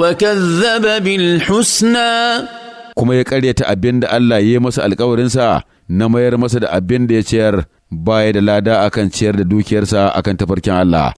وكذب husna. kuma ya karyata abin da Allah ya yi masa alkawarinsa na mayar masa da abin da ya ciyar baya da lada akan ciyar da dukiyarsa akan tafarkin Allah